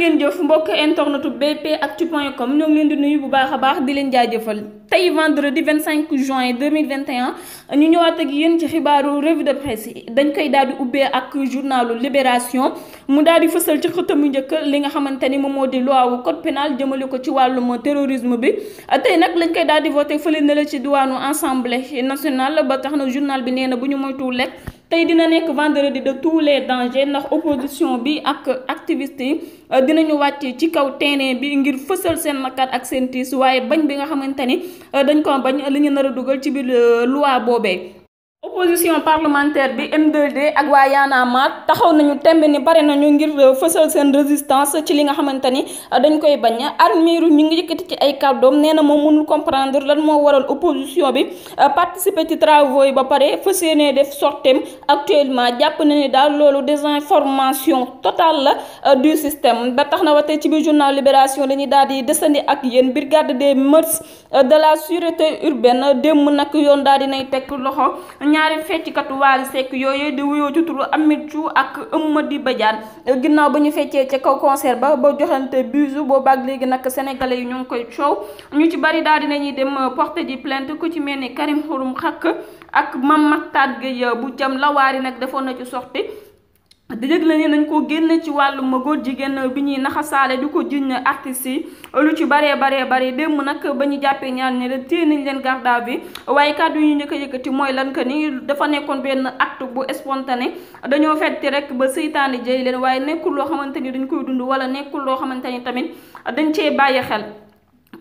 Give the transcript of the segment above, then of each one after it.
ngeen jëf mbokk internetu BP Actu point com ñoo ngi leen di nuyu bu baax a baax di leen jaajëfal tey vendredi 25 juin 2021 ñu ñëwaat ak yéen ci xibaaru revue de presse yi dañ koy daal di ubbee ak journalu Libération mu daal di fësal ci xëtamu njëkk li nga xamante ni moom moo di loi wu code pénal jëmale ko ci wàllum terrorisme bi tey nag lañ koy daal di voté fële na la ci diwaanu assemblée national ba tax na journal bi nee na bu ñu moytuwul lekk tey dina nekk vendredi de tous les dangers ndax opposition bi ak activiste yi euh, dinañu wàcc ci kaw terrain bi ngir fësal seen nakkat ak seen tiis waaye bañ bi nga xamante ni euh, dañ ko bañ li ñu nar a dugal ci biir euh, loi boobee. opposition parlementaire bi m ak waa Y'en a marre taxaw nañu temb ni bare nañu ngir euh, fësal seen résistance ci li nga xamante ni euh, dañ koy bañ Armirou ñu ngi yëkkati ci ay kàddoom nee na moom mënul comprendre lan moo waral opposition bi euh, participer ci travaux yi ba pare fas yéene def sortem actuellement jàpp na ni daal loolu désinformation totale la du système ba tax na wate ci biir journal Libération dañuy daal di desandi ak yéen brigade des mœurs de la sûreté urbaine démb nag yoon daal di nay teg loxo. ñaari feccikatu Wally Seck yooyu di wuyoo ci turu Amith Thiou ak Eumeudi Badiane ginnaaw ba ñu feccee ca kaw concert ba ba joxante bisu boobaak léegi nag sénégalais yi ñu ngi koy coow ñu ci bari daal dinañuy dem euh, porter ji plainte ku ci mel ni Karim Xurum Xakk ak Mame Mactar Gueye bu jam lawaari nag defoon na ci sorti di yëgle ni nañ ko génn ci wàllum góor jigéen bi ñuy naxasaale di ko jiñ artistes yi lu ci baree bare bare démb nag ba ñu jàppee ñaar ñi leen téye nañ leen garda bi waaye kàddu yi ñu ko yëkkati mooy lan que ni dafa nekkoon benn acte bu spontané dañoo fetti rek ba seytaane jëy leen waaye nekkul loo xamante ni dañ koy dund wala nekkul loo xamante ni tamit dañ cee bàyyi xel.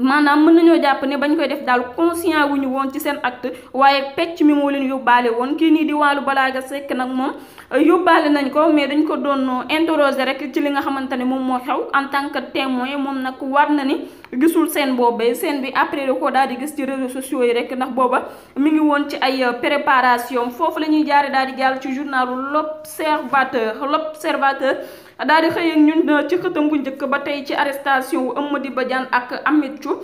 maanaam mën nañoo jàpp ne bañ koy def daal conscient wu ñu woon ci seen acte waaye pecc mi moo leen yóbbaale woon kii nii di Wally Ballago Seck nag moom euh, yóbbaale nañ ko mais dañ ko doon euh, interroger rek ci li nga xamante ne moom moo xew en tant que témoin moom nag war na ni gisul seen boobee seen bi après da ko daal di gis ci réseaux sociaux yi rek ndax booba mi ngi woon ci ay euh, préparation foofu la ñuy jaare daal di jàll ci journalu l'observateur l'observateur daal di xëy ñu ñun ci xëtam bu njëkk ba tey ci arrestation wu Amady Badiane ak Ameth Thiou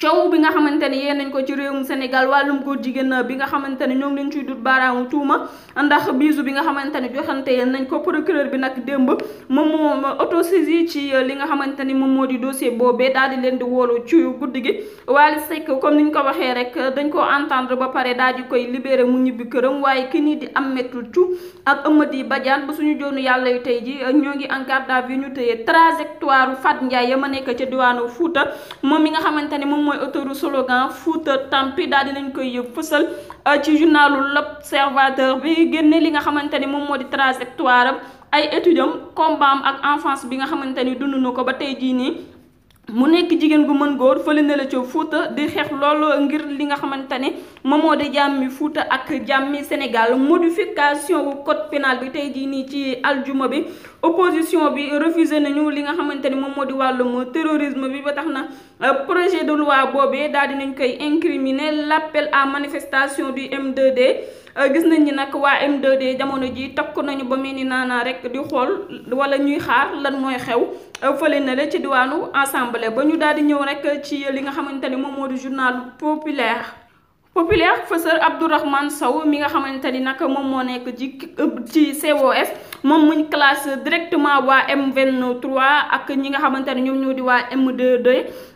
coow bi nga xamante ne yee nañ ko ci réewum Sénégal wàllum góor jigéen bi nga xamante ne ñoo ngi leen ciy dut baaraamu tuuma ndax bisu bi nga xamante ne joxante yeen nañ ko procureur bi nag démb moom moom autosaisie ci li nga xamante ni moom moo di dossier boobee daal di leen di woolu ci guddi gi Wally Seck comme niñ ko waxee rek dañ ko entendre ba pare daal di koy libéré mu ñibbi këram waaye ki nii di am méttul cu ak Amady Badiane ba suñu joonu yàlla yu tey ji ñoo ngi en garde à vue ñu tëye trajectoire Fat Ndiaye ma nekk ca diwaanu Fouta moom moom mooy autoru slogan Fouta Tampi daal dinañ koy yëpp fësal euh, ci journalu l'Observateur bi génne li nga xamante ni moom moo di trajectoire am ay étudiam kombaam ak enfance bi nga xamante ni dund ko ba tey jii nii mu nekk jigéen gu mën góor fële na la ca Fouta di xeex loolu ngir li nga xamante ni di Diammi Fouta ak jàmmi Sénégal modification bu code pénal bi tey jii nii ci aljuma bi opposition bi refusé nañu li nga xamante ni moom moo di wàllum terrorisme bi ba tax na euh, projet de loi boobee daal dinañ koy incriminer l'appel à manifestation du m 2 euh, gis nañ ni nag waa m 2 jamono ji takk nañu ba mel ni naanaa rek di xool wala ñuy xaar lan mooy xew euh, fële na la ci diwaanu assemblée ba ñu daal di ñëw rek ci li nga xamante ni moom moo di journal populaire populaire professeur Abdourahmane Sow mi nga xamante ni nag moom moo nekk ci ci COF moom muñ classe directement waa M23 ak ñi nga xamante ne ñoom ñoo di waa m d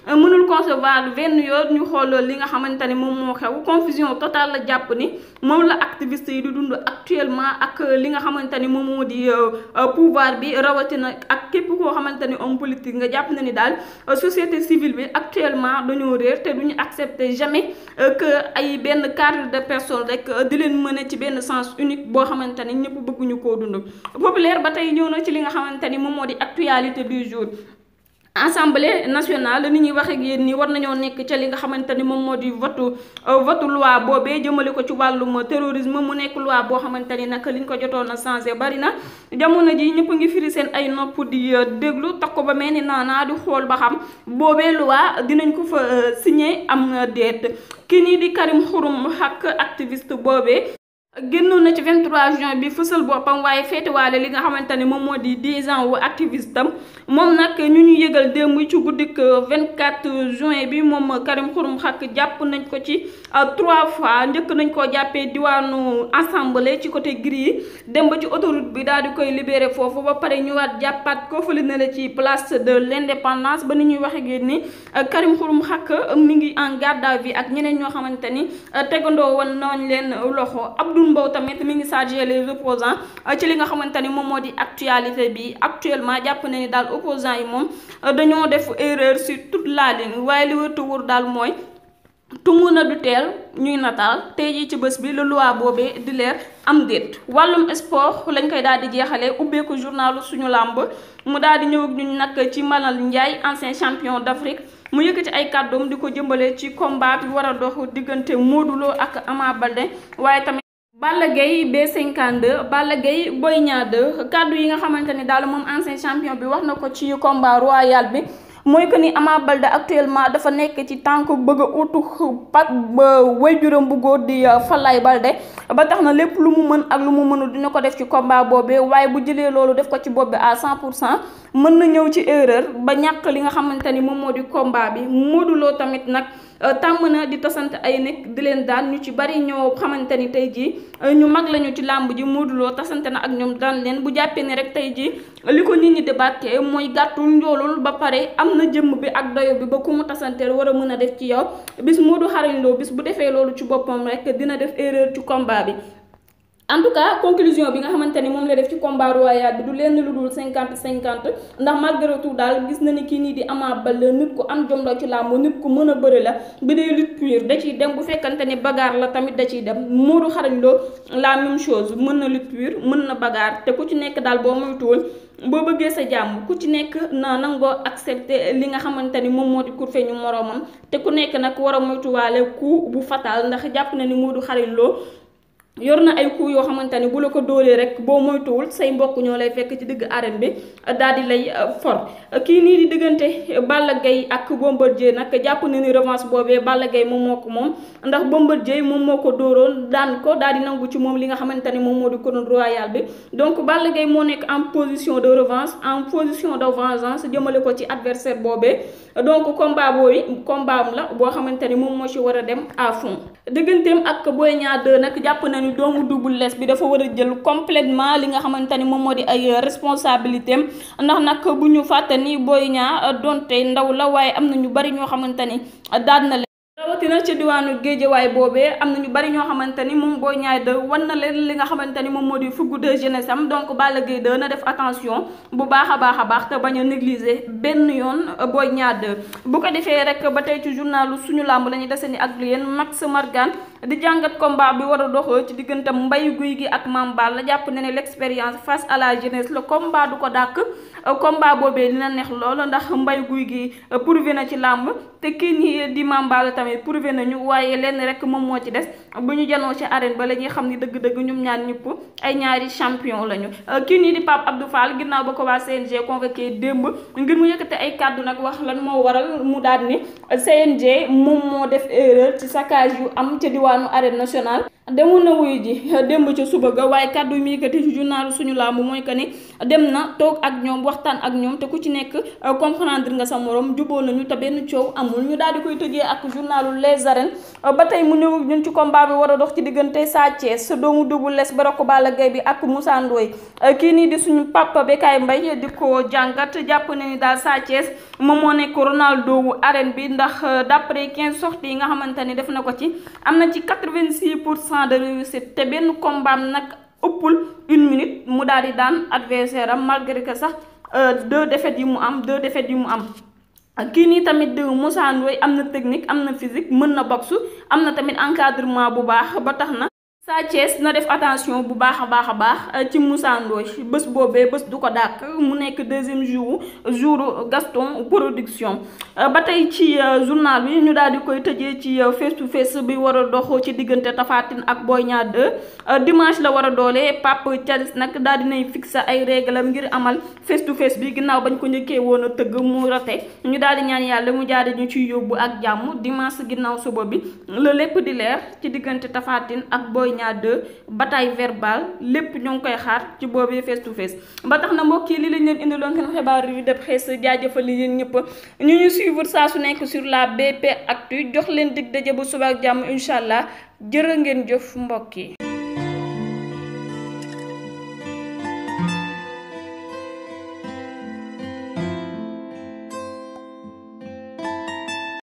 euh, mënul concevoir benn yoon ñu xool li nga xamante ne moom moo xew confusion totale la jàpp ni moom la activiste yi du dund actuellement ak li nga xamante ni moom moo di euh, euh, pouvoir bi rawatina ak képp koo xamante ni homme politique nga jàpp na ni daal société civile bi actuellement dañoo réer te duñu accepter jamais que ay benn cadre de personne rek di leen mën ci benn sens unique boo xamante ni ñëpp bëgguñu koo dund populaire ba tey ñëw na ci li nga xamante ni moom moo di actualité du jour. assemblée nationale ni ñuy waxee ak nii war nañoo nekk ca li nga xamante ni moom moo di votu euh, votu loi boobee jëmale ko ci wàllu wàllum terrorisme mu nekk loi boo xamante ni nag liñ ko jotoon a changé bari na jamono ji ñëpp ngi firi seen ay nopp di euh, déglu tax ko ba mel ni naa di xool ba xam boobee loi dinañ ko fa euh, signé am déet. ki nii di Karim Xurum Xaq activist boobee génnoon na ci 23 juin bi fësal boppam waaye feetewaale li nga xamante ne moom moo di 10 ans wu activiste moom nag ñu ñu yëgal démb ci guddik 24 juin bi moom Karim Xurum Xaq jàpp nañ ko ci euh, trois fois njëkk nañ ko jàppee diwaanu assemblée ci côté gris yi dem ba ci autoroute bi daal di koy libéré foofu ba pare ñu waat jàppaat ko fële na la ci place de l'indépendance ba ni ñuy wax ak ni euh, Karim Xurum Xaq euh, mi ngi en garde bi ak ñeneen ñoo xamante ni tegandoo woon nañ leen loxo. Abdou Mbow tamit mi ngi chargé les opposants ci li nga xamante ni moom moo di actualité bi actuellement jàpp na ni daal opposants yi moom euh, dañoo def erreur sur toute la ligne waaye li wërtu wër daal mooy tungu na du teel ñuy nataal tey jii ci bés bi la loi boobe di leer am déet wàllum sport lañ koy daal di jeexalee ubbeeku journalu suñu làmb mu daal di ñëw ak ñun nag ci Malal Ndiaye ancien champion d'Afrique mu yëkkati ay kàddoom di ko jëmbalee ci kombat bi war dox diggante Modou ak Balla Gaye cinquante 52 Balla Gaye booy Niang 2 kàddu yi nga xamante ni daal moom ancien champion bi wax na ko ci combat royal bi mooy que ni Ama Baldé actuellement dafa nekk ci tànk bëgg a utu pat ba waajuram bu góor di euh, Falaye Baldé ba tax na lépp lu mu mën ak lu mu mënul dina ko def ci combat boobe waaye bu jëlee loolu def ko ci bopp bi à 100 pour cent mën na ñëw ci erreur ba ñàkk li nga xamante ni moom moo di combat bi Modou Lo tamit nag. Euh, tàmm na di tasante ay nekk di leen daan ñu ci bari ñoo xamante ni tey jii euh, ñu mag lañu ci làmb ji Modou Lo tasante na ak ñoom daan leen bu jàppee ni rek tey jii li ko nit ñi débarqué mooy gàttul njoolul ba pare am na jëmm bi ak dayo bi ba ku mu tasanteel war a mën a def ci yow bis Modou xarañ loo bis bu defee loolu ci boppam rek dina def erreur ci combat bi en tout cas conclusion bi nga xamante ni moom la def ci combat royal bi du lenn lu dul cinquante cinquante ndax malgré tout daal gis na ni kii nii di Ama Baldé nit ku am jom la ci làmb nit ku mën a bëri la bi dee lutte pure da ciy dem bu fekkante ni bagaar la tamit da ciy dem Modou Xarañ Lo la même chose mën na lutte pure mën na bagaar te ku ci nekk daal boo moytuwul boo bëggee sa jàmm ku ci nekk na nangoo accepté li nga xamante ni moom moo di kurfe ñu moroomam te ku nekk war a moytuwaale ku bu fatal ndax jàpp na ni Modou Xarañ Lo yor na ay coup yoo xamante ni bu la ko dóolee rek boo moytuwul say mbokk ñoo lay fekk ci diggu arène bi daal di lay euh, for kii nii di diggante Balla Gaye ak Bombardier nag jàpp na ni revanche boobee Balla Gaye moom moo ko moom ndax Bombardier moom moo ko dóoroon daan ko daal di nangu ci moom li nga xamante ni moom moo di kon royale bi donc Balla gay moo nekk en position de revanche en position de vengeance jëmale ko ci adversaire boobee donc combat boobu combat am la boo xamante ni moom moo ci war a dem à fond digganteem ak Boy Niang jàpp na ni doomu Double Less bi dafa war a jël complètement li nga xamante ni moom moo di ay responsabilité am ndax nag bu ñu fàtte booy Boy Niang donte ndaw la waaye am na ñu bari ñoo xamante ni rawatina ci diwaanu géejewaay boobee am na ñu bari ñoo xamante ni moom Boy Niang 2 na leen li nga xamante ni moom moo di fougue de jeunesse am donc Balla Gaye 2 na def attention bu baax a baax a baax te bañ a benn yoon euh, Boy Niang bu ko defee rek ba tey ci journalu suñu làmb la ñuy desandi ak yéen Max Margan di jàngat combat bi war a dox ci diggante mbay guy gi ak mambal la jàpp ne ne l'expérience face à la jeunesse le combat du ko dàkk euh, combat boobee dina neex lool ndax mbay guy gi euh, pourvu na ci làmb te kii nii di mambal tamit prouvé nañu waaye lenn rek moom moo ci des bu ñu janoo ci arène ba la ñuy xam ni dëgg-dëgg ñoom ñaar ñëpp ay ñaari champion lañu euh, kii nii di Pape Abdou Fall ginnaaw ba ko waa CNG convoqué démb ngir mu yëkkate ay kàddu nag wax lan moo waral mu daal ni CNG moom moo def erreur ci saccage yu am ca diwaanu arène national demoon na wuyu ji démb ca suba ga waaye kàddu yi mu yëkkati ci journal suñu làmb mooy que ni dem na toog ak ñoom waxtaan ak ñoom te ku ci nekk euh, comprendre nga sa moroom juboo nañu te benn coow amul ñu daal di koy tëjee ak journalu Les Arènes euh, ba tey mu ñëw ñun ci combat bi war a dox ci diggante Sa Thiès doomu Double Less ba rokk Balla Gaye bi ak Moussa Ndoye euh, kii nii di suñu papa Bécaye Mbaye di ko jàngat jàpp na ni daal Sa moom moo nekk Ronaldo wu arène bi ndax d'après 15 sorties yi nga xamante ni def na ko ci cent de réussite te benn kombaam nag ëppul une minute mu daal di daan adversaire am malgré que sax euh, deux défaites yi mu am deux défaites yi mu am kii nii tamit di Moussa Ndoye am na technique am na physique mën na boxe am na tamit encadrement bu baax ba tax na Sa Thiès na def attention bu baax a baax a baax euh, ci Moussa Ndoye bés boobee bés du ko dàq mu nekk deuxième jour jour Gaston production euh, ba tey ci euh, journal bi ñu daal di koy tëjee ci face to face bi war a dox ci diggante tafaatin ak booy ñaar 2 dimanche la war a doole Pape Thialis nag daal nay fixé ay règle ngir amal face to face bi ginnaaw bañ ko njëkkee woon a tëgg mu rate ñu daal di ñaan yàlla mu jaari ci yóbbu ak jàmm dimanche ginnaaw suba bi la lépp diggante Tapha ak Niang 2 bataille verbale lépp ñoo ngi koy xaar ci boobu face to face ba tax na mbokk yi li lañ leen indiloon seen xibaar revue de presse jaajëfal yéen ñëpp ñu ñu suivre saa su nekk sur la BP Actu jox leen dig daje bu suba ak jàmm incha allah jërë ngeen jëf mbokk yi.